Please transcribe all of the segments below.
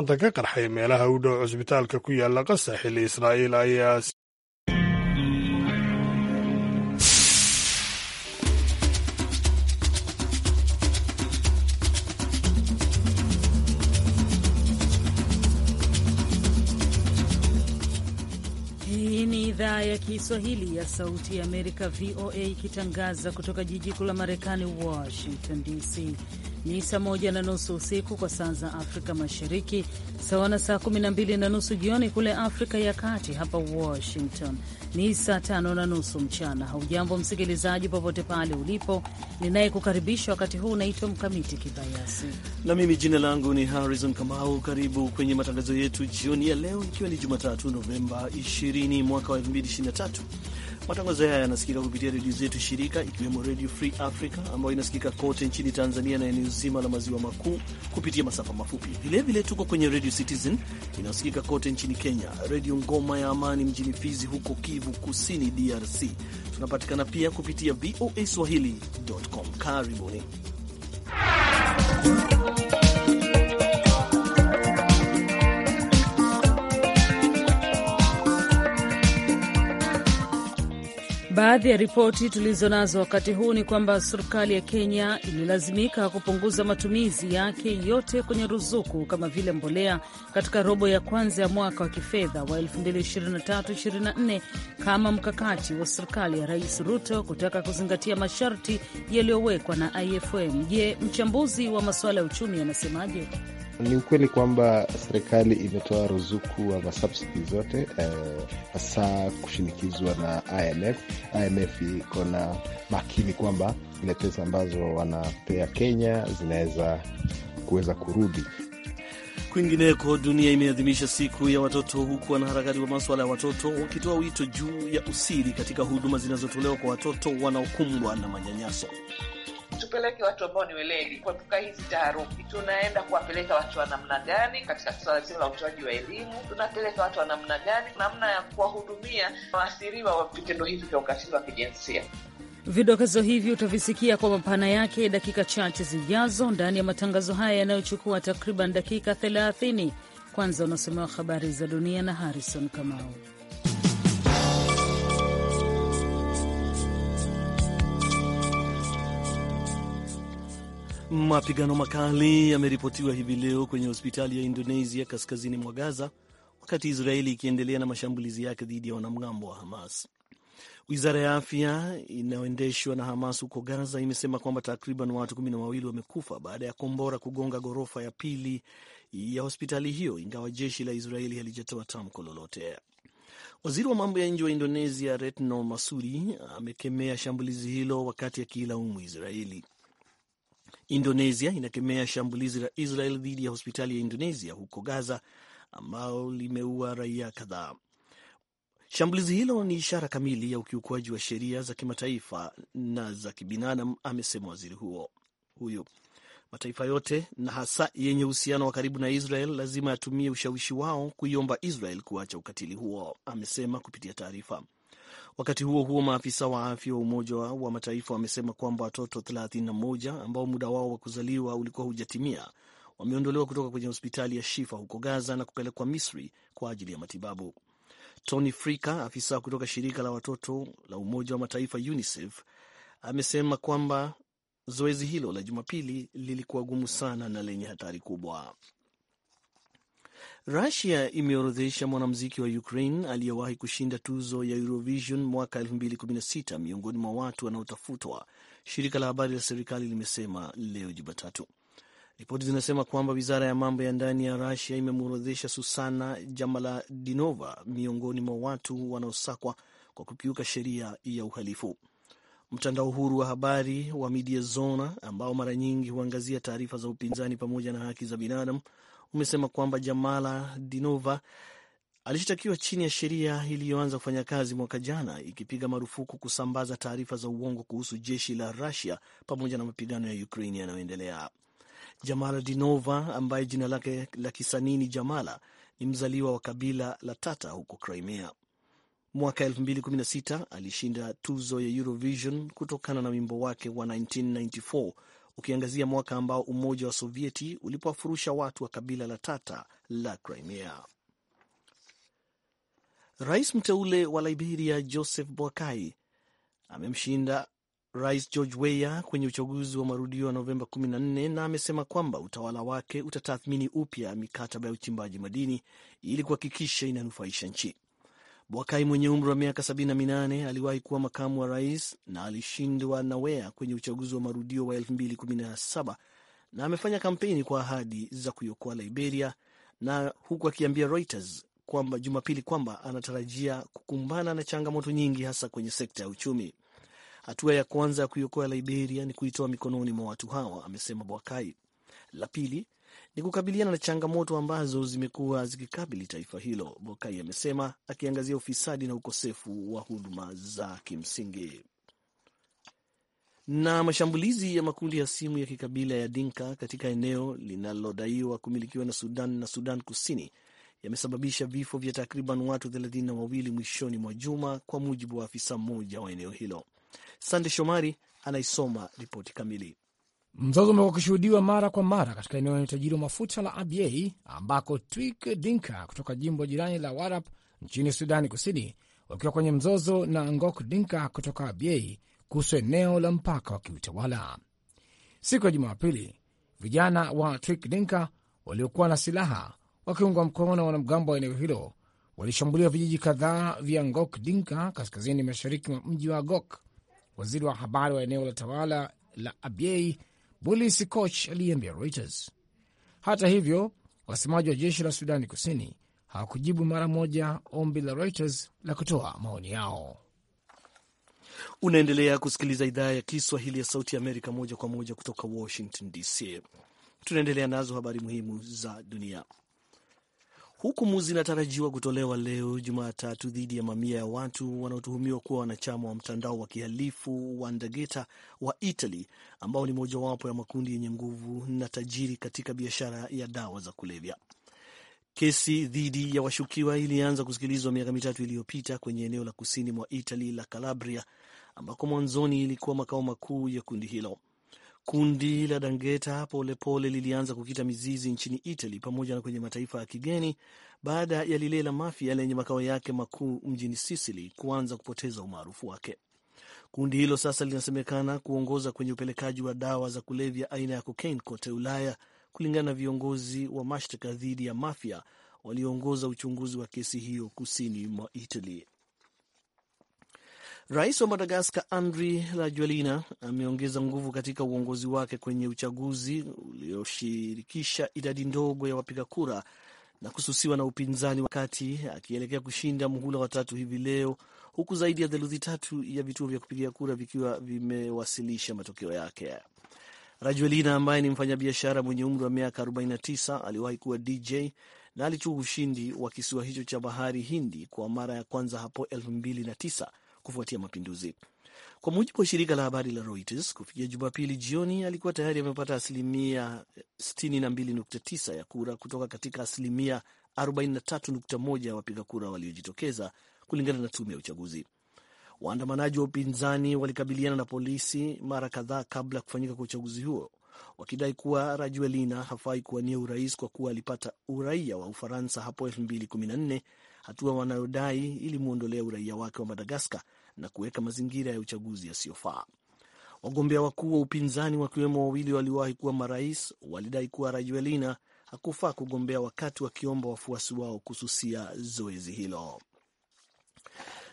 maanta ka qarxay meelaha u dhow cusbitaalka ku yaala qasa xilli israa'iil ayaa Idhaa ya Kiswahili ya Sauti ya Amerika, VOA, ikitangaza kutoka jiji kuu la Marekani, Washington DC ni saa moja na nusu usiku kwa saa za Afrika Mashariki, sawa na saa kumi na mbili na nusu jioni kule Afrika ya Kati. Hapa Washington ni saa tano na nusu mchana. Haujambo msikilizaji, popote pale ulipo. Ninayekukaribisha wakati huu unaitwa Mkamiti Kibayasi na mimi jina langu ni Harrison Kamau. Karibu kwenye matangazo yetu jioni ya leo, ikiwa ni Jumatatu Novemba 20 mwaka wa 2023 Matangazo haya yanasikika kupitia redio zetu shirika, ikiwemo Redio Free Africa ambayo inasikika kote nchini Tanzania na eneo zima la maziwa makuu kupitia masafa mafupi. Vilevile tuko kwenye Redio Citizen inayosikika kote nchini Kenya, Redio Ngoma ya Amani mjini Fizi huko Kivu Kusini, DRC. Tunapatikana pia kupitia voa swahili.com. Karibuni. Baadhi ya ripoti tulizo nazo wakati huu ni kwamba serikali ya Kenya ililazimika kupunguza matumizi yake yote kwenye ruzuku kama vile mbolea katika robo ya kwanza ya mwaka wa kifedha wa 2023/24 kama mkakati wa serikali ya Rais Ruto kutaka kuzingatia masharti yaliyowekwa na IFM. Je, mchambuzi wa masuala ya uchumi anasemaje? Ni ukweli kwamba serikali imetoa ruzuku ama subsidi zote eh, hasa eh, kushinikizwa na IMF. IMF iko na makini kwamba zile pesa ambazo wanapea Kenya zinaweza kuweza kurudi kwingineko. Dunia imeadhimisha siku ya watoto, huku wanaharakati wa maswala ya watoto wakitoa wito juu ya usiri katika huduma zinazotolewa kwa watoto wanaokumbwa na manyanyaso tusipeleke watu ambao ni weledi kuepuka hizi taharuki. Tunaenda kuwapeleka watu wa namna gani katika swala zima la utoaji wa elimu? Tunapeleka watu wa namna gani, namna ya kuwahudumia waathiriwa wa vitendo hivi vya ukatili wa kijinsia. Vidokezo hivi utavisikia kwa mapana yake dakika chache zijazo ndani ya matangazo haya yanayochukua takriban dakika 30. Kwanza unasomewa habari za dunia na Harrison Kamau. Mapigano makali yameripotiwa hivi leo kwenye hospitali ya Indonesia kaskazini mwa Gaza, wakati Israeli ikiendelea na mashambulizi yake dhidi ya wanamgambo wa Hamas. Wizara ya afya inayoendeshwa na Hamas huko Gaza imesema kwamba takriban watu kumi na wawili wamekufa baada ya kombora kugonga ghorofa ya pili ya hospitali hiyo, ingawa jeshi la Israeli halijatoa tamko lolote. Waziri wa mambo ya nje wa Indonesia Retno masuri amekemea shambulizi hilo wakati akiilaumu Israeli. Indonesia inakemea shambulizi la Israel dhidi ya hospitali ya Indonesia huko Gaza ambao limeua raia kadhaa. Shambulizi hilo ni ishara kamili ya ukiukwaji wa sheria za kimataifa na za kibinadamu, amesema waziri huo huyo. Mataifa yote na hasa yenye uhusiano wa karibu na Israel lazima yatumie ushawishi wao kuiomba Israel kuacha ukatili huo, amesema kupitia taarifa. Wakati huo huo, maafisa wa afya wa Umoja wa Mataifa wamesema kwamba watoto 31 ambao muda wao wa kuzaliwa ulikuwa hujatimia wameondolewa kutoka kwenye hospitali ya Shifa huko Gaza na kupelekwa Misri kwa ajili ya matibabu. Tony Frika, afisa kutoka shirika la watoto la Umoja wa Mataifa UNICEF, amesema kwamba zoezi hilo la Jumapili lilikuwa gumu sana na lenye hatari kubwa. Rusia imeorodhesha mwanamuziki wa Ukraine aliyewahi kushinda tuzo ya Eurovision mwaka 2016 miongoni mwa watu wanaotafutwa, shirika la habari la serikali limesema leo Jumatatu. Ripoti zinasema kwamba wizara ya mambo ya ndani ya Rusia imemworodhesha Susana Jamaladinova miongoni mwa watu wanaosakwa kwa kukiuka sheria ya uhalifu. Mtandao huru wa habari wa Media Zona ambao mara nyingi huangazia taarifa za upinzani pamoja na haki za binadamu umesema kwamba Jamala Dinova alishtakiwa chini ya sheria iliyoanza kufanya kazi mwaka jana ikipiga marufuku kusambaza taarifa za uongo kuhusu jeshi la Rusia pamoja na mapigano ya Ukraine yanayoendelea. Jamala Dinova ambaye jina lake la kisanii ni Jamala ni mzaliwa wa kabila la Tata huko Crimea. Mwaka 2016 alishinda tuzo ya Eurovision kutokana na wimbo wake wa 1994 ukiangazia mwaka ambao Umoja wa Sovieti ulipowafurusha watu wa kabila la Tata la Crimea. Rais mteule wa Liberia Joseph Boakai amemshinda Rais George Weah kwenye uchaguzi wa marudio wa Novemba 14 na amesema kwamba utawala wake utatathmini upya mikataba ya uchimbaji madini ili kuhakikisha inanufaisha nchi. Bwakai mwenye umri wa miaka 78 aliwahi kuwa makamu wa rais na alishindwa na Wea kwenye uchaguzi wa marudio wa 2017 na amefanya kampeni kwa ahadi za kuiokoa Liberia na huku akiambia Reuters kwamba Jumapili kwamba anatarajia kukumbana na changamoto nyingi hasa kwenye sekta ya uchumi. Hatua ya kwanza ya kuiokoa Liberia ni kuitoa mikononi mwa watu hawa, amesema Bwakai. La pili ni kukabiliana na changamoto ambazo zimekuwa zikikabili taifa hilo, Bokai amesema akiangazia ufisadi na ukosefu wa huduma za kimsingi. Na mashambulizi ya makundi ya simu ya kikabila ya Dinka katika eneo linalodaiwa kumilikiwa na Sudan na Sudan Kusini yamesababisha vifo vya takriban watu thelathini na wawili mwishoni mwa juma, kwa mujibu wa afisa mmoja wa eneo hilo. Sande Shomari anaisoma ripoti kamili. Mzozo umekuwa ukishuhudiwa mara kwa mara katika eneo lenye utajiri wa mafuta la Abyei ambako Twik Dinka kutoka jimbo jirani la Warap nchini Sudani Kusini wakiwa kwenye mzozo na Ngok Dinka kutoka Abyei kuhusu eneo la mpaka wa kiutawala. Siku ya Jumapili, vijana wa Twik Dinka waliokuwa na silaha wakiungwa mkono na wanamgambo wa eneo hilo walishambulia vijiji kadhaa vya Ngok Dinka kaskazini mashariki mwa mji wa Gok. Waziri wa habari wa eneo la tawala la Abyei Bolis Koch aliyeambia Reuters. Hata hivyo, wasemaji wa jeshi la Sudani Kusini hawakujibu mara moja ombi la Reuters la kutoa maoni yao. Unaendelea kusikiliza idhaa ya Kiswahili ya Sauti ya Amerika moja kwa moja kutoka Washington DC. Tunaendelea nazo habari muhimu za dunia. Hukumu zinatarajiwa kutolewa leo Jumatatu dhidi ya mamia ya watu wanaotuhumiwa kuwa wanachama wa mtandao wa kihalifu wa Ndageta wa Italy, ambao ni mojawapo ya makundi yenye nguvu na tajiri katika biashara ya dawa za kulevya. Kesi dhidi ya washukiwa ilianza kusikilizwa miaka mitatu iliyopita kwenye eneo la kusini mwa Italy la Calabria, ambako mwanzoni ilikuwa makao makuu ya kundi hilo. Kundi la dangeta polepole lilianza kukita mizizi nchini Italy pamoja na kwenye mataifa ya kigeni baada ya lile la Mafia lenye makao yake makuu mjini Sicily kuanza kupoteza umaarufu wake. Kundi hilo sasa linasemekana kuongoza kwenye upelekaji wa dawa za kulevya aina ya kokaini kote Ulaya, kulingana na viongozi wa mashtaka dhidi ya Mafia walioongoza uchunguzi wa kesi hiyo kusini mwa Italy. Rais wa Madagaskar Andry Rajoelina ameongeza nguvu katika uongozi wake kwenye uchaguzi ulioshirikisha idadi ndogo ya wapiga kura na kususiwa na upinzani, wakati akielekea kushinda muhula watatu hivi leo, huku zaidi ya theluthi tatu ya vituo vya kupigia kura vikiwa vimewasilisha matokeo yake. Rajoelina ambaye ni mfanyabiashara mwenye umri wa miaka 49 aliwahi kuwa DJ na alichukua ushindi wa kisiwa hicho cha bahari Hindi kwa mara ya kwanza hapo 2009 kufuatia mapinduzi. Kwa mujibu wa shirika la habari la Reuters, kufikia Jumapili jioni alikuwa tayari amepata asilimia 62.9 ya kura kutoka katika asilimia 43.1 ya wapiga kura waliojitokeza, kulingana na tume ya uchaguzi. Waandamanaji wa upinzani walikabiliana na polisi mara kadhaa kabla ya kufanyika kwa uchaguzi huo, wakidai kuwa Rajuelina hafai kuwania urais kwa kuwa alipata uraia wa Ufaransa hapo 2014, hatua wanayodai ilimwondolea uraia wake wa Madagaskar na kuweka mazingira ya uchaguzi yasiyofaa. Wagombea wakuu wa upinzani wakiwemo wawili waliwahi kuwa marais walidai kuwa rajuelina hakufaa kugombea, wakati wakiomba wafuasi wao kususia zoezi hilo.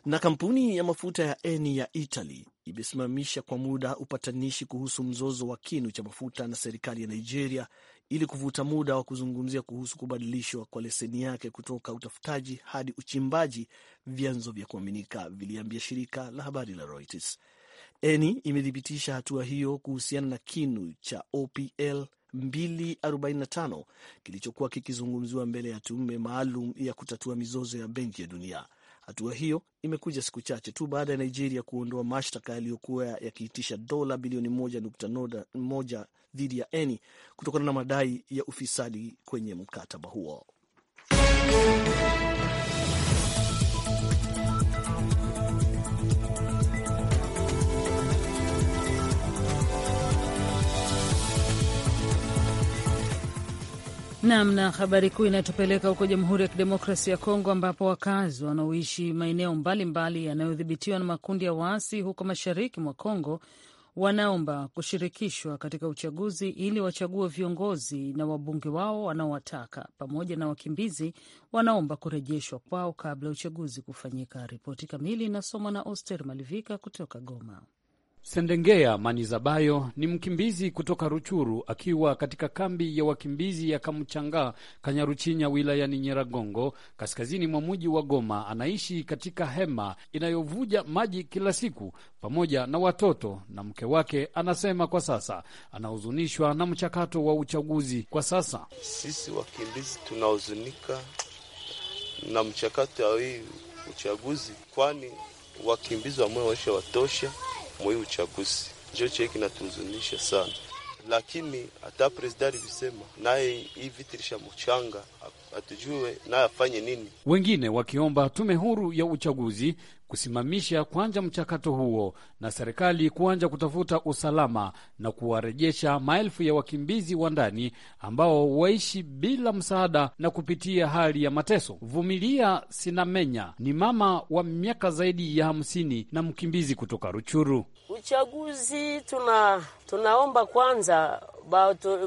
Na kampuni ya mafuta ya Eni ya Italy imesimamisha kwa muda upatanishi kuhusu mzozo wa kinu cha mafuta na serikali ya Nigeria ili kuvuta muda wa kuzungumzia kuhusu kubadilishwa kwa leseni yake kutoka utafutaji hadi uchimbaji, vyanzo vya kuaminika viliambia shirika la habari la Reuters. Eni imethibitisha hatua hiyo kuhusiana na kinu cha OPL 245 kilichokuwa kikizungumziwa mbele ya tume maalum ya kutatua mizozo ya Benki ya Dunia. Hatua hiyo imekuja siku chache tu baada ya Nigeria kuondoa mashtaka yaliyokuwa yakiitisha dola bilioni moja dhidi ya Eni kutokana na madai ya ufisadi kwenye mkataba huo. Nam na habari kuu inayotupeleka huko Jamhuri ya Kidemokrasia ya Kongo, ambapo wakazi wanaoishi maeneo mbalimbali yanayodhibitiwa na makundi ya waasi huko mashariki mwa Kongo wanaomba kushirikishwa katika uchaguzi ili wachague viongozi na wabunge wao wanaowataka, pamoja na wakimbizi wanaomba kurejeshwa kwao kabla ya uchaguzi kufanyika. Ripoti kamili inasomwa na Oster Malivika kutoka Goma. Sendengea Manizabayo ni mkimbizi kutoka Ruchuru akiwa katika kambi ya wakimbizi ya Kamuchanga Kanyaruchinya wilayani Nyeragongo kaskazini mwa mji wa Goma. Anaishi katika hema inayovuja maji kila siku pamoja na watoto na mke wake. Anasema kwa sasa anahuzunishwa na mchakato wa uchaguzi. Kwa sasa sisi wakimbizi tunahuzunika na mchakato wa hii uchaguzi, kwani wakimbizi wamwe waisha watosha mwa hii uchaguzi, njo chie kinatuzunisha sana, lakini hata prezida alivisema naye hii vitirisha mchanga atujue naye afanye nini. Wengine wakiomba tume huru ya uchaguzi kusimamisha kuanja mchakato huo na serikali kuanja kutafuta usalama na kuwarejesha maelfu ya wakimbizi wa ndani ambao waishi bila msaada na kupitia hali ya mateso. Vumilia Sinamenya ni mama wa miaka zaidi ya hamsini na mkimbizi kutoka Ruchuru. Uchaguzi tuna, tunaomba kwanza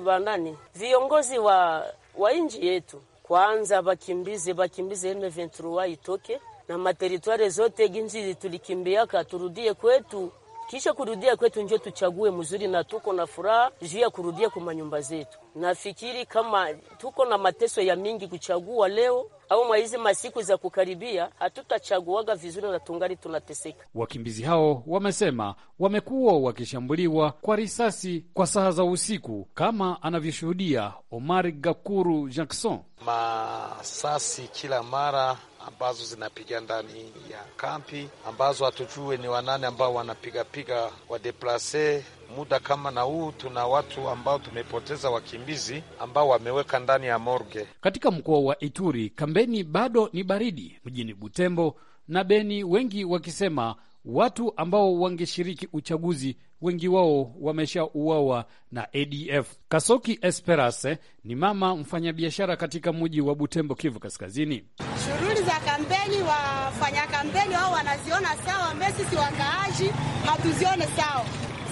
bandani viongozi wa, wa nchi yetu kwanza bakimbize bakimbize M23 itoke na materitware zote ginzi tulikimbiaka, turudie kwetu. Kisha kurudia kwetu njo tuchague mzuri, na tuko na furaha juu ya kurudia kwa manyumba zetu. Nafikiri kama tuko na mateso ya mingi kuchagua leo au mwaizi masiku za kukaribia hatutachaguaga vizuri na tungali tunateseka. Wakimbizi hao wamesema wamekuwa wakishambuliwa kwa risasi kwa saa za usiku, kama anavyoshuhudia Omar Gakuru Jackson. Masasi kila mara ambazo zinapiga ndani ya kampi, ambazo hatujue ni wanane ambao wanapigapiga wadeplase muda kama na huu tuna watu ambao tumepoteza wakimbizi ambao wameweka ndani ya morge. Katika mkoa wa Ituri kambeni bado ni baridi, mjini Butembo na Beni, wengi wakisema watu ambao wangeshiriki uchaguzi wengi wao wameshauawa na ADF. Kasoki Esperase ni mama mfanyabiashara katika mji wa Butembo, Kivu Kaskazini. Shughuli za kampeni, wafanya kampeni wao wanaziona sawa, mbe sisi wakaaji hatuzione sawa.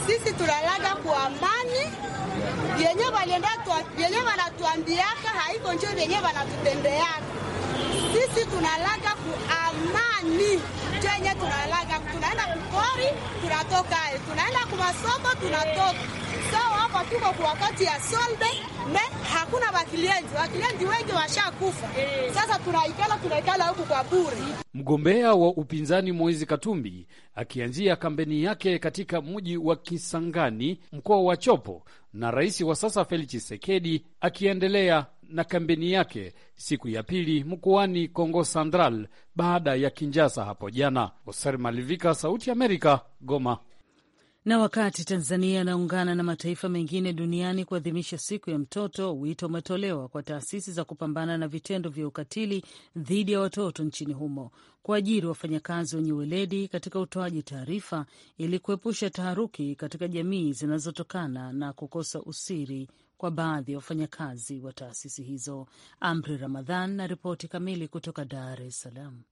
Sisi tunalaga kwa amani yenye walienda wanatuambiaka haiko njo vyenyewe wanatutendeaka sisi tunalaga ku amani, chenye tunalaga tunaenda kupori, tunatoka tunaenda kumasoko, tunatoka so hapa tuko kwa wakati ya solde me hakuna wakilienzi, wakilienzi wengi washakufa. Eh. Sasa tunaikala tunaikala huku kwa bure. Mgombea wa upinzani Moizi Katumbi akianzia kampeni yake katika mji wa Kisangani, mkoa wa Chopo, na rais wa sasa Felix chisekedi akiendelea na kampeni yake siku ya pili mkoani Kongo Central baada ya Kinjasa hapo jana. Oser Malivika, Sauti Amerika, Goma. Na wakati Tanzania inaungana na mataifa mengine duniani kuadhimisha siku ya mtoto, wito umetolewa kwa taasisi za kupambana na vitendo vya ukatili dhidi ya watoto nchini humo kuajiri wafanyakazi wenye weledi katika utoaji taarifa ili kuepusha taharuki katika jamii zinazotokana na kukosa usiri kwa baadhi ya wafanyakazi wa taasisi hizo. Amri Ramadhan na ripoti kamili kutoka Dar es Salaam.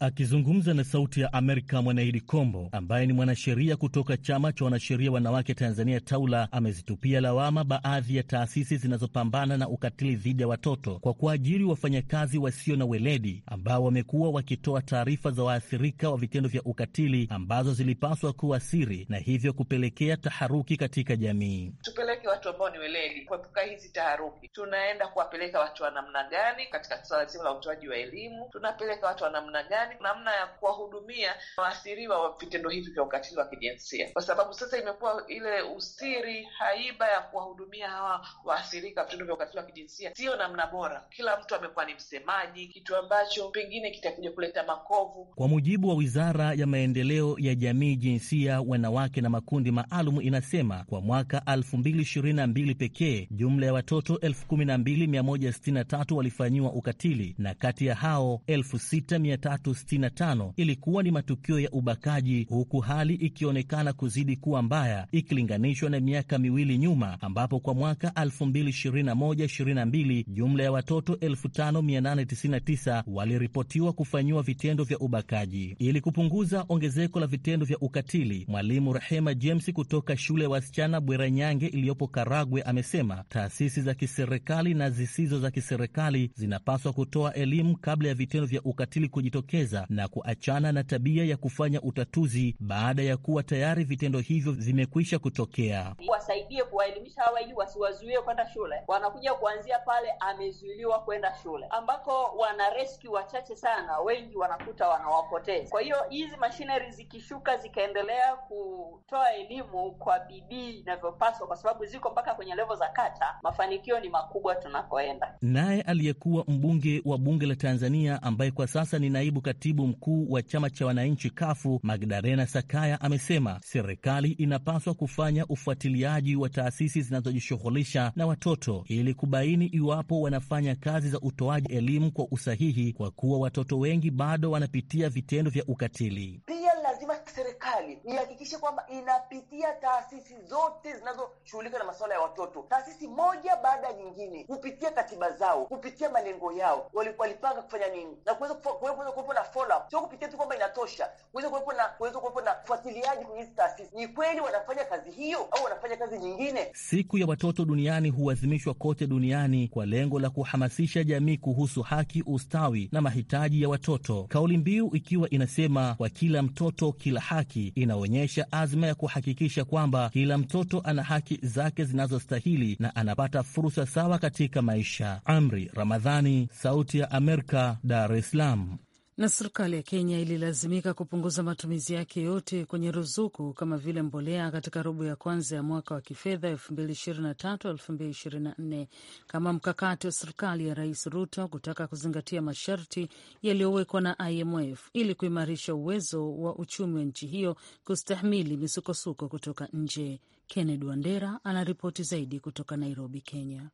Akizungumza na Sauti ya Amerika, Mwanaidi Kombo ambaye ni mwanasheria kutoka Chama cha Wanasheria Wanawake Tanzania taula amezitupia lawama baadhi ya taasisi zinazopambana na ukatili dhidi ya watoto kwa kuajiri wafanyakazi wasio na weledi ambao wamekuwa wakitoa taarifa za waathirika wa vitendo vya ukatili ambazo zilipaswa kuwa siri na hivyo kupelekea taharuki katika jamii. Tupeleke watu ambao ni weledi kuepuka hizi taharuki. Tunaenda kuwapeleka watu wa namna gani katika suala zima la utoaji wa elimu? Tunapeleka watu wa namna gani serikali namna ya kuwahudumia waathiriwa wa vitendo hivi vya ukatili wa kijinsia, kwa sababu sasa imekuwa ile usiri, haiba ya kuwahudumia hawa waathirika wa vitendo vya ukatili wa kijinsia siyo namna bora. Kila mtu amekuwa ni msemaji, kitu ambacho pengine kitakuja kuleta makovu. Kwa mujibu wa Wizara ya Maendeleo ya Jamii, Jinsia, Wanawake na Makundi Maalum, inasema kwa mwaka 2022 pekee jumla ya watoto 12163 walifanyiwa ukatili na kati ya hao 6300 365 ilikuwa ni matukio ya ubakaji, huku hali ikionekana kuzidi kuwa mbaya ikilinganishwa na miaka miwili nyuma, ambapo kwa mwaka 2021/22 jumla ya watoto 5899 waliripotiwa kufanyiwa vitendo vya ubakaji. Ili kupunguza ongezeko la vitendo vya ukatili, mwalimu Rehema James kutoka shule ya wasichana Bweranyange iliyopo Karagwe amesema taasisi za kiserikali na zisizo za kiserikali zinapaswa kutoa elimu kabla ya vitendo vya ukatili kujitokeza kujitokeza na kuachana na tabia ya kufanya utatuzi baada ya kuwa tayari vitendo hivyo vimekwisha kutokea. Wasaidie kuwaelimisha hawa ili wasiwazuie kwenda shule. Wanakuja kuanzia pale amezuiliwa kwenda shule, ambako wana reski wachache sana, wengi wanakuta wanawapoteza. Kwa hiyo hizi mashinari zikishuka, zikaendelea kutoa elimu kwa bidii inavyopaswa, kwa sababu ziko mpaka kwenye levo za kata, mafanikio ni makubwa tunakoenda. Naye aliyekuwa mbunge wa bunge la Tanzania ambaye kwa sasa ni naibu katibu mkuu wa chama cha wananchi kafu Magdalena Sakaya amesema serikali inapaswa kufanya ufuatiliaji wa taasisi zinazojishughulisha na watoto ili kubaini iwapo wanafanya kazi za utoaji elimu kwa usahihi, kwa kuwa watoto wengi bado wanapitia vitendo vya ukatili serikali ihakikishe kwamba inapitia taasisi zote zinazoshughulika na masuala ya watoto, taasisi moja baada ya nyingine, kupitia katiba zao, kupitia malengo yao, walipanga kufanya nini, na kuweza kuwepo na follow up, sio kupitia tu kwamba inatosha, kuweza kuwepo na kuweza kuwepo na ufuatiliaji kwenye hizi taasisi. Ni kweli wanafanya kazi hiyo au wanafanya kazi nyingine? Siku ya watoto duniani huadhimishwa kote duniani kwa lengo la kuhamasisha jamii kuhusu haki, ustawi na mahitaji ya watoto, kauli mbiu ikiwa inasema kwa kila mtoto kila haki haki inaonyesha azma ya kuhakikisha kwamba kila mtoto ana haki zake zinazostahili na anapata fursa sawa katika maisha. Amri Ramadhani, Sauti ya Amerika, Dar es Salaam na serikali ya Kenya ililazimika kupunguza matumizi yake yote kwenye ruzuku kama vile mbolea katika robo ya kwanza ya mwaka wa kifedha 2023/2024 kama mkakati wa serikali ya Rais Ruto kutaka kuzingatia masharti yaliyowekwa na IMF ili kuimarisha uwezo wa uchumi wa nchi hiyo kustahimili misukosuko kutoka nje. Kennedy Wandera anaripoti zaidi kutoka Nairobi, Kenya.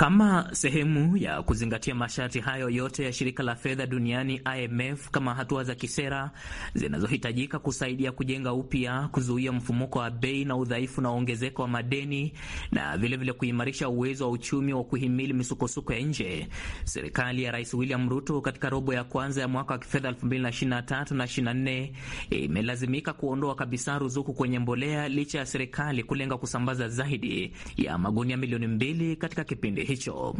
Kama sehemu ya kuzingatia masharti hayo yote ya shirika la fedha duniani IMF kama hatua za kisera zinazohitajika kusaidia kujenga upya, kuzuia mfumuko wa bei na udhaifu na ongezeko wa madeni na vilevile vile kuimarisha uwezo wa uchumi wa kuhimili misukosuko ya nje, serikali ya Rais William Ruto katika robo ya kwanza ya mwaka wa kifedha 2023 na 24 imelazimika kuondoa kabisa ruzuku kwenye mbolea licha ya serikali kulenga kusambaza zaidi ya magunia milioni mbili katika kipindi hicho.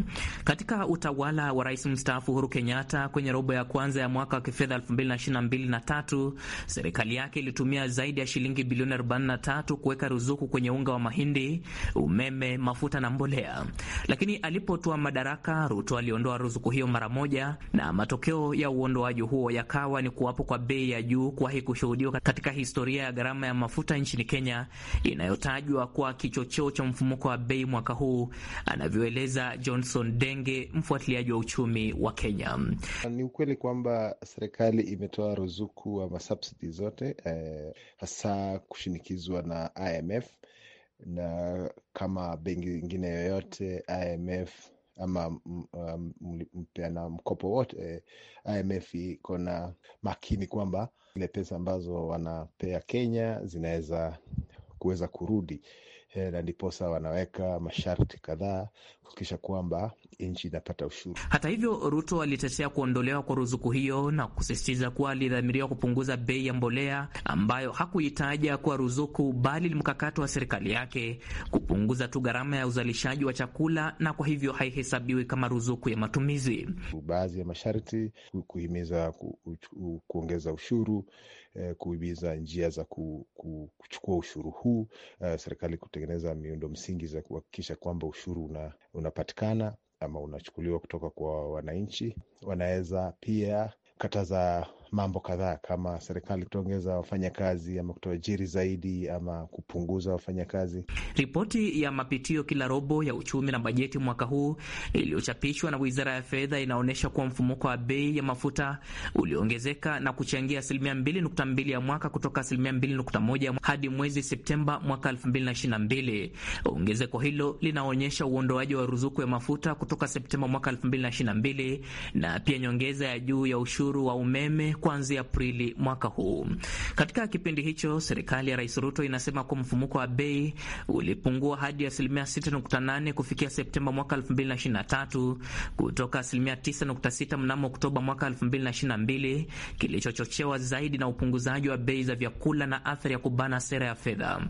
Katika utawala wa rais mstaafu Uhuru Kenyatta, kwenye robo ya kwanza ya mwaka wa kifedha 2022 serikali yake ilitumia zaidi ya shilingi bilioni 43 kuweka ruzuku kwenye unga wa mahindi, umeme, mafuta na mbolea, lakini alipotua madaraka, Ruto aliondoa ruzuku hiyo mara moja, na matokeo ya uondoaji huo yakawa ni kuwapo kwa bei ya juu kuwahi kushuhudiwa katika historia ya gharama ya mafuta nchini Kenya, inayotajwa kuwa kichocheo cha mfumuko wa bei mwaka huu, anavyoeleza Muuliza Johnson Denge, mfuatiliaji wa uchumi wa Kenya. Ni ukweli kwamba serikali imetoa ruzuku ama subsidi zote eh, hasa kushinikizwa na IMF na kama benki ingine yoyote IMF ama mpeana um, mkopo wote eh, IMF iko na makini kwamba zile pesa ambazo wanapea Kenya zinaweza kuweza kurudi Eh, na ndiposa wanaweka masharti kadhaa kuhakikisha kwamba nchi inapata ushuru. Hata hivyo, Ruto alitetea kuondolewa kwa ruzuku hiyo na kusisitiza kuwa alidhamiria kupunguza bei ya mbolea ambayo hakuitaja kuwa ruzuku, bali ni mkakati wa serikali yake kupunguza tu gharama ya uzalishaji wa chakula, na kwa hivyo haihesabiwi kama ruzuku ya matumizi. Baadhi ya masharti kuhimiza ku, kuongeza ushuru Eh, kuibiza njia za kuchukua ushuru huu eh, serikali kutengeneza miundo msingi za kuhakikisha kwamba ushuru una, unapatikana ama unachukuliwa kutoka kwa wananchi. Wanaweza pia kataza mambo kadhaa kama serikali kutoongeza wafanyakazi ama kutoajiri zaidi ama kupunguza wafanyakazi. Ripoti ya mapitio kila robo ya uchumi na bajeti mwaka huu iliyochapishwa na wizara ya fedha inaonyesha kuwa mfumuko wa bei ya mafuta uliongezeka na kuchangia asilimia 2.2 ya mwaka kutoka asilimia 2.1 hadi mwezi Septemba mwaka 2022. Ongezeko hilo linaonyesha uondoaji wa ruzuku ya mafuta kutoka Septemba mwaka 2022 na pia nyongeza ya juu ya ushuru wa umeme kuanzia Aprili mwaka huu. Katika kipindi hicho, serikali ya Rais Ruto inasema kuwa mfumuko wa bei ulipungua hadi asilimia 6.8 kufikia Septemba mwaka 2023 kutoka asilimia 9.6 mnamo Oktoba mwaka 2022, kilichochochewa zaidi na upunguzaji wa bei za vyakula na athari ya kubana sera ya fedha.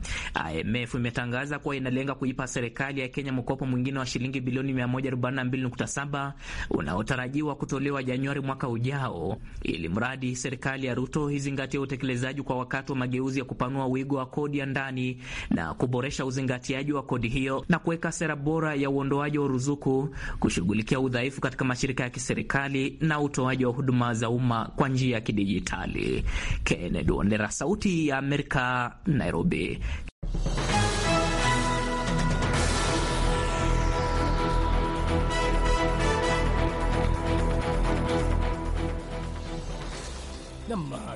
IMF imetangaza kuwa inalenga kuipa serikali ya Kenya mkopo mwingine wa shilingi bilioni 142.7 unaotarajiwa kutolewa Januari mwaka ujao ili mradi hadi serikali ya Ruto izingatie utekelezaji kwa wakati wa mageuzi ya kupanua wigo wa kodi ya ndani na kuboresha uzingatiaji wa kodi hiyo na kuweka sera bora ya uondoaji wa ruzuku, kushughulikia udhaifu katika mashirika ya kiserikali na utoaji wa huduma za umma kwa njia ya kidijitali. Kennedy Wandera, Sauti ya Amerika, Nairobi.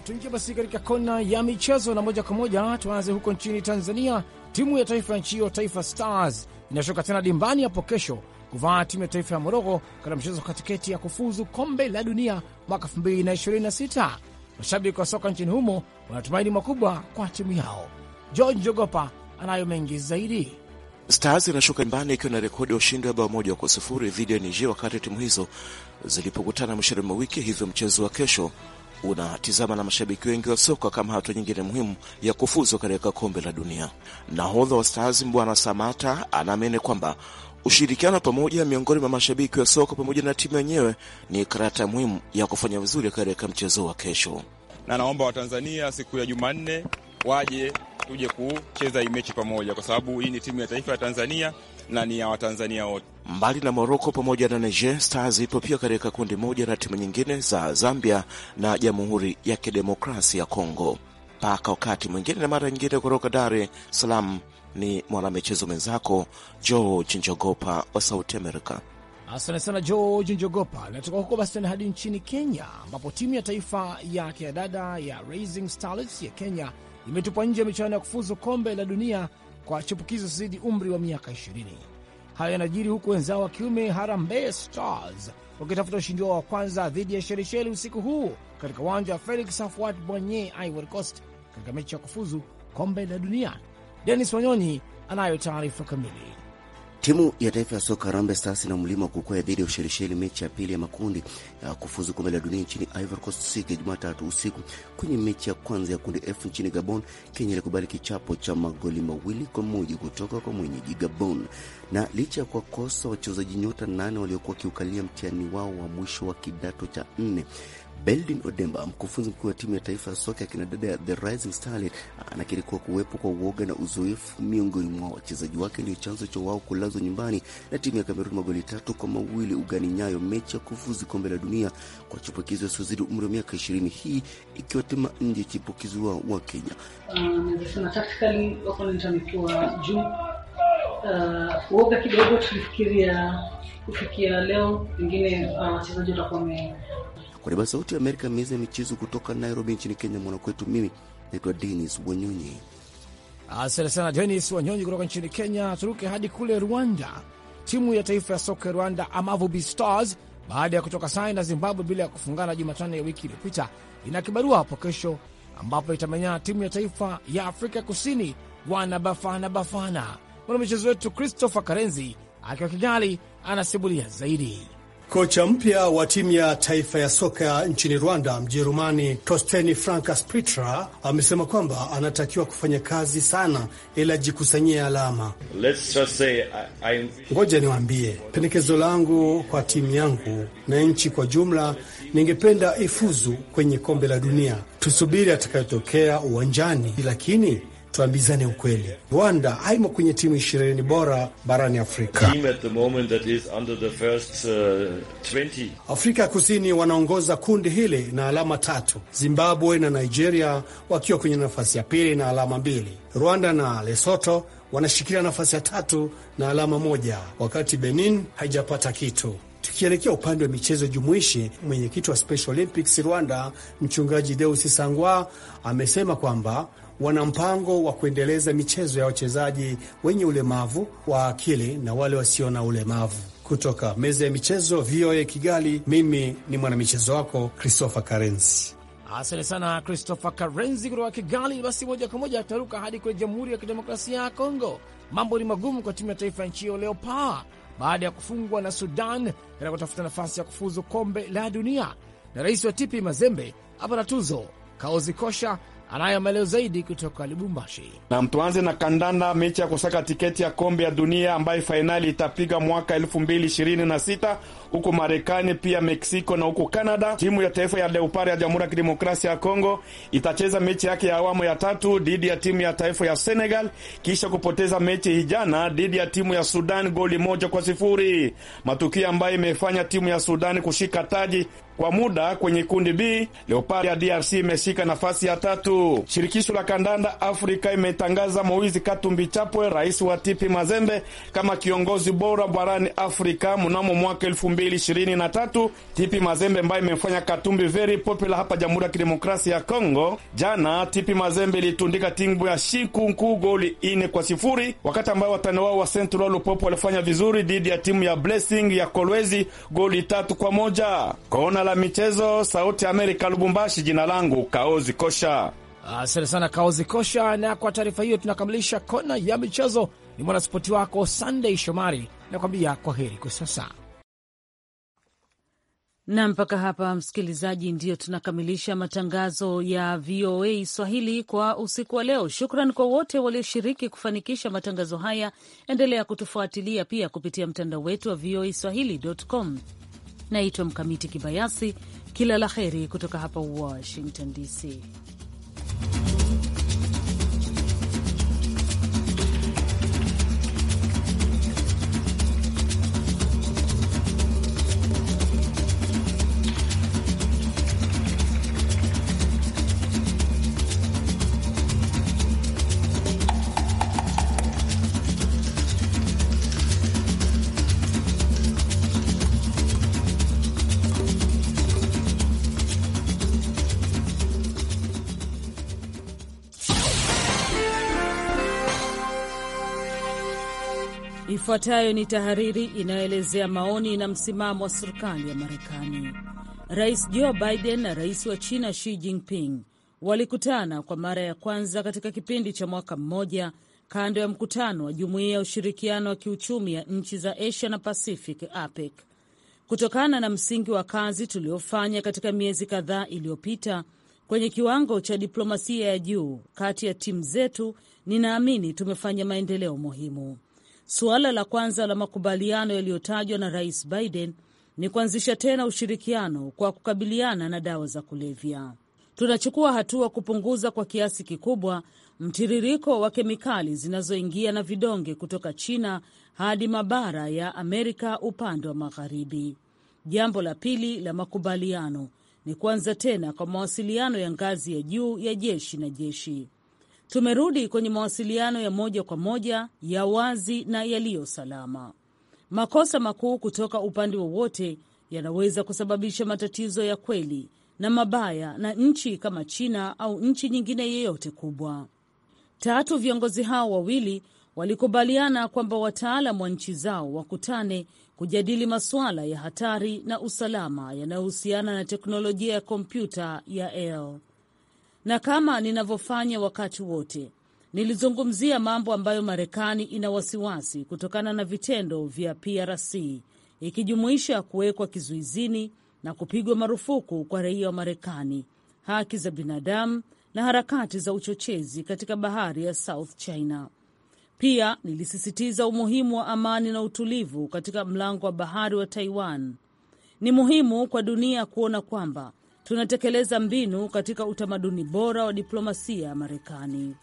tuingie basi katika kona ya michezo, na moja kwa moja tuanze huko nchini Tanzania. Timu ya taifa ya nchi hiyo Taifa Stars inashuka tena dimbani hapo kesho kuvaa timu ya taifa ya Moroko katika mchezo wa katiketi ya kufuzu kombe la dunia mwaka 2026. Mashabiki wa soka nchini humo wanatumaini makubwa kwa timu yao. George Jogopa anayo mengi zaidi. Stars inashuka dimbani ikiwa na rekodi ya ushindi wa bao moja kwa sufuri dhidi ya Niger wakati timu hizo zilipokutana mwishoni mwa wiki, hivyo mchezo wa kesho unatizama na mashabiki wengi wa soka kama hatua nyingine muhimu ya kufuzwa katika kombe la dunia. Nahodha wa Stars Mbwana Samata anaamini kwamba ushirikiano pamoja miongoni mwa mashabiki wa soka pamoja na timu yenyewe ni karata muhimu ya kufanya vizuri katika mchezo wa kesho, na naomba Watanzania siku ya Jumanne waje tuje kucheza hii mechi pamoja, kwa sababu hii ni timu ya taifa ya Tanzania na ni ya Watanzania wote. Mbali na Moroko pamoja na Niger, Stars ipo pia katika kundi moja na timu nyingine za Zambia na Jamhuri ya Kidemokrasia ya Kongo. Mpaka wakati mwingine na mara nyingine, kutoka Dar es Salaam ni mwanamichezo mwenzako George Njogopa wa Sauti Amerika. Asante sana George Njogopa. Natoka huko basi tena hadi nchini Kenya, ambapo timu ya taifa ya kiadada ya Rising Starlets ya Kenya imetupwa nje ya michuano ya kufuzu kombe la dunia kwa chipukizo zidi umri wa miaka ishirini. Hayo yanajiri huku wenzao wa kiume Harambee Stars wakitafuta ushindi wao wa kwanza dhidi ya Shelisheli usiku huu katika uwanja wa Felix Afuat Bwanye Ivory Coast, katika mechi ya kufuzu kombe la dunia. Denis Wanyonyi anayo taarifa kamili. Timu ya taifa ya soka Harambee Stars na Mlima wa Kukwea dhidi ya Ushelisheli, mechi ya pili ya makundi ya kufuzu kombe la dunia nchini Ivory Coast siku ya Jumatatu usiku. Kwenye mechi ya kwanza ya kundi F nchini Gabon, Kenya ilikubali kichapo cha magoli mawili kwa moja kutoka kwa mwenyeji Gabon, na licha ya kuwakosa wachezaji nyota nane waliokuwa wakiukalia mtihani wao wa mwisho wa kidato cha nne Beldin Odemba, mkufunzi mkuu wa timu ya taifa ya soka ya kinadada ya The Rising Starlet, anakiri kuwa kuwepo kwa uoga na uzoefu miongoni mwa wachezaji wake ndio chanzo cha wao kulazwa nyumbani na timu ya Kamerun magoli tatu kwa mawili ugani nyayo mechi ya kufuzi kombe la dunia kwa chipukizi wasiozidi umri wa miaka ishirini, hii ikiwa tema nje ya chipukizi wao wa Kenya. Um, uh, uoga kidogo tulifikiria kufikia leo, pengine uh, wachezaji uh, watakuwa kwa niaba Sauti ya Amerika, mezi ya michezo kutoka Nairobi nchini Kenya, mwanakwetu mimi naitwa Denis Wanyonyi. Asante sana Denis Wanyonyi kutoka nchini Kenya. Turuke hadi kule Rwanda. Timu ya taifa ya soka ya Rwanda, Amavubi Stars, baada ya kutoka sare na Zimbabwe bila ya kufungana Jumatano ya wiki iliyopita, ina kibarua hapo kesho, ambapo itamenyana timu ya taifa ya Afrika Kusini, wana Bafana Bafana. Mwanamichezo wetu Christopher Karenzi akiwa Kigali anasimulia zaidi. Kocha mpya wa timu ya taifa ya soka nchini Rwanda, Mjerumani Tosteni Frankas Pritra amesema kwamba anatakiwa kufanya kazi sana ili ajikusanyie alama. Ngoja niwaambie, pendekezo langu kwa timu yangu na nchi kwa jumla, ningependa ifuzu kwenye kombe la dunia. Tusubiri atakayotokea uwanjani, lakini tuambizane ukweli, Rwanda haimo kwenye timu ishirini bora barani Afrika. uh, Afrika ya Kusini wanaongoza kundi hili na alama tatu, Zimbabwe na Nigeria wakiwa kwenye nafasi ya pili na alama mbili. Rwanda na lesoto wanashikilia nafasi ya tatu na alama moja, wakati Benin haijapata kitu. Tukielekea upande wa michezo jumuishi, mwenyekiti wa Special Olympics Rwanda, mchungaji Deusi Sangwa amesema kwamba wana mpango wa kuendeleza michezo ya wachezaji wenye ulemavu wa akili na wale wasio na ulemavu. Kutoka meza ya michezo VOA Kigali, mimi ni mwanamichezo wako Christopher Karenzi. Asante sana Christopher Karenzi kutoka Kigali. Basi moja kwa moja ataruka hadi kwenye Jamhuri ya Kidemokrasia ya Kongo. Mambo ni magumu kwa timu ya taifa ya nchi hiyo leo paa baada ya kufungwa na Sudan katika kutafuta nafasi ya kufuzu kombe la dunia, na rais wa Tipi Mazembe hapa na tuzo Kaozi Kosha anayo maelezo zaidi kutoka Lubumbashi. Na tuanze na kandanda, mechi ya kusaka tiketi ya kombe ya dunia ambayo fainali itapiga mwaka elfu mbili ishirini na sita huko Marekani, pia Meksiko na huko Canada. Timu ya taifa ya Leopard ya Jamhuri ya Kidemokrasia ya Kongo itacheza mechi yake ya awamu ya tatu dhidi ya timu ya taifa ya Senegal kisha kupoteza mechi hijana dhidi ya timu ya Sudan goli moja kwa sifuri, matukio ambayo imefanya timu ya Sudan kushika taji kwa muda kwenye kundi B. Leopard ya DRC imeshika nafasi ya tatu. Shirikisho la kandanda Afrika imetangaza Moizi Katumbi Chapwe, rais wa Tipi Mazembe, kama kiongozi bora barani Afrika mnamo mwaka elfu mbili tatu Tipi Mazembe ambayo imefanya Katumbi very popular hapa Jamhuri ya Kidemokrasia ya Kongo. Jana Tipi Mazembe ilitundika timbu ya Shikunkuu goli ine kwa sifuri, wakati ambayo watani wao wa Central Lupopo walifanya vizuri dhidi ya timu ya Blessing ya Kolwezi goli tatu kwa moja. Kona la michezo, Sauti ya Amerika, Lubumbashi. Jina langu Kaozi Kosha. Asante sana Kaozi Kosha, na kwa taarifa hiyo tunakamilisha kona ya michezo. Ni mwanaspoti wako Sunday Shomari nakwambia kwa heri kwa sasa na mpaka hapa msikilizaji, ndiyo tunakamilisha matangazo ya VOA Swahili kwa usiku wa leo. Shukran kwa wote walioshiriki kufanikisha matangazo haya. Endelea kutufuatilia pia kupitia mtandao wetu wa VOA Swahili.com. Naitwa Mkamiti Kibayasi, kila la heri kutoka hapa Washington DC. Ifuatayo ni tahariri inayoelezea maoni na msimamo wa serikali ya Marekani. Rais Joe Biden na rais wa China Xi Jinping walikutana kwa mara ya kwanza katika kipindi cha mwaka mmoja kando ya mkutano wa Jumuiya ya Ushirikiano wa Kiuchumi ya Nchi za Asia na Pacific, APEC. Kutokana na msingi wa kazi tuliofanya katika miezi kadhaa iliyopita kwenye kiwango cha diplomasia ya juu kati ya timu zetu, ninaamini tumefanya maendeleo muhimu. Suala la kwanza la makubaliano yaliyotajwa na Rais Biden ni kuanzisha tena ushirikiano kwa kukabiliana na dawa za kulevya. Tunachukua hatua kupunguza kwa kiasi kikubwa mtiririko wa kemikali zinazoingia na vidonge kutoka China hadi mabara ya Amerika upande wa magharibi. Jambo la pili la makubaliano ni kuanza tena kwa mawasiliano ya ngazi ya juu ya jeshi na jeshi. Tumerudi kwenye mawasiliano ya moja kwa moja ya wazi na yaliyo salama. Makosa makuu kutoka upande wowote yanaweza kusababisha matatizo ya kweli na mabaya na nchi kama China au nchi nyingine yeyote kubwa. Tatu, viongozi hao wawili walikubaliana kwamba wataalam wa nchi zao wakutane kujadili masuala ya hatari na usalama yanayohusiana na teknolojia ya kompyuta ya L na kama ninavyofanya wakati wote, nilizungumzia mambo ambayo Marekani ina wasiwasi kutokana na vitendo vya PRC ikijumuisha kuwekwa kizuizini na kupigwa marufuku kwa raia wa Marekani, haki za binadamu na harakati za uchochezi katika bahari ya South China. Pia nilisisitiza umuhimu wa amani na utulivu katika mlango wa bahari wa Taiwan. Ni muhimu kwa dunia kuona kwamba tunatekeleza mbinu katika utamaduni bora wa diplomasia ya Marekani.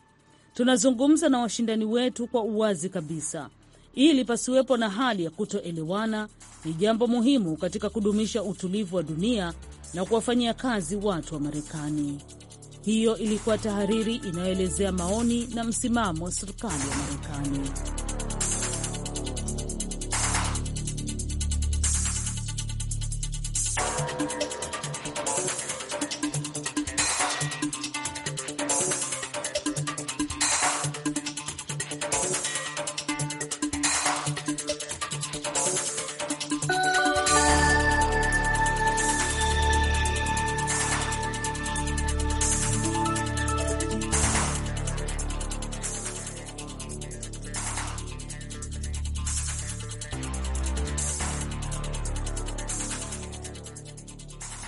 Tunazungumza na washindani wetu kwa uwazi kabisa ili pasiwepo na hali ya kutoelewana. Ni jambo muhimu katika kudumisha utulivu wa dunia na kuwafanyia kazi watu wa Marekani. Hiyo ilikuwa tahariri inayoelezea maoni na msimamo wa serikali ya Marekani.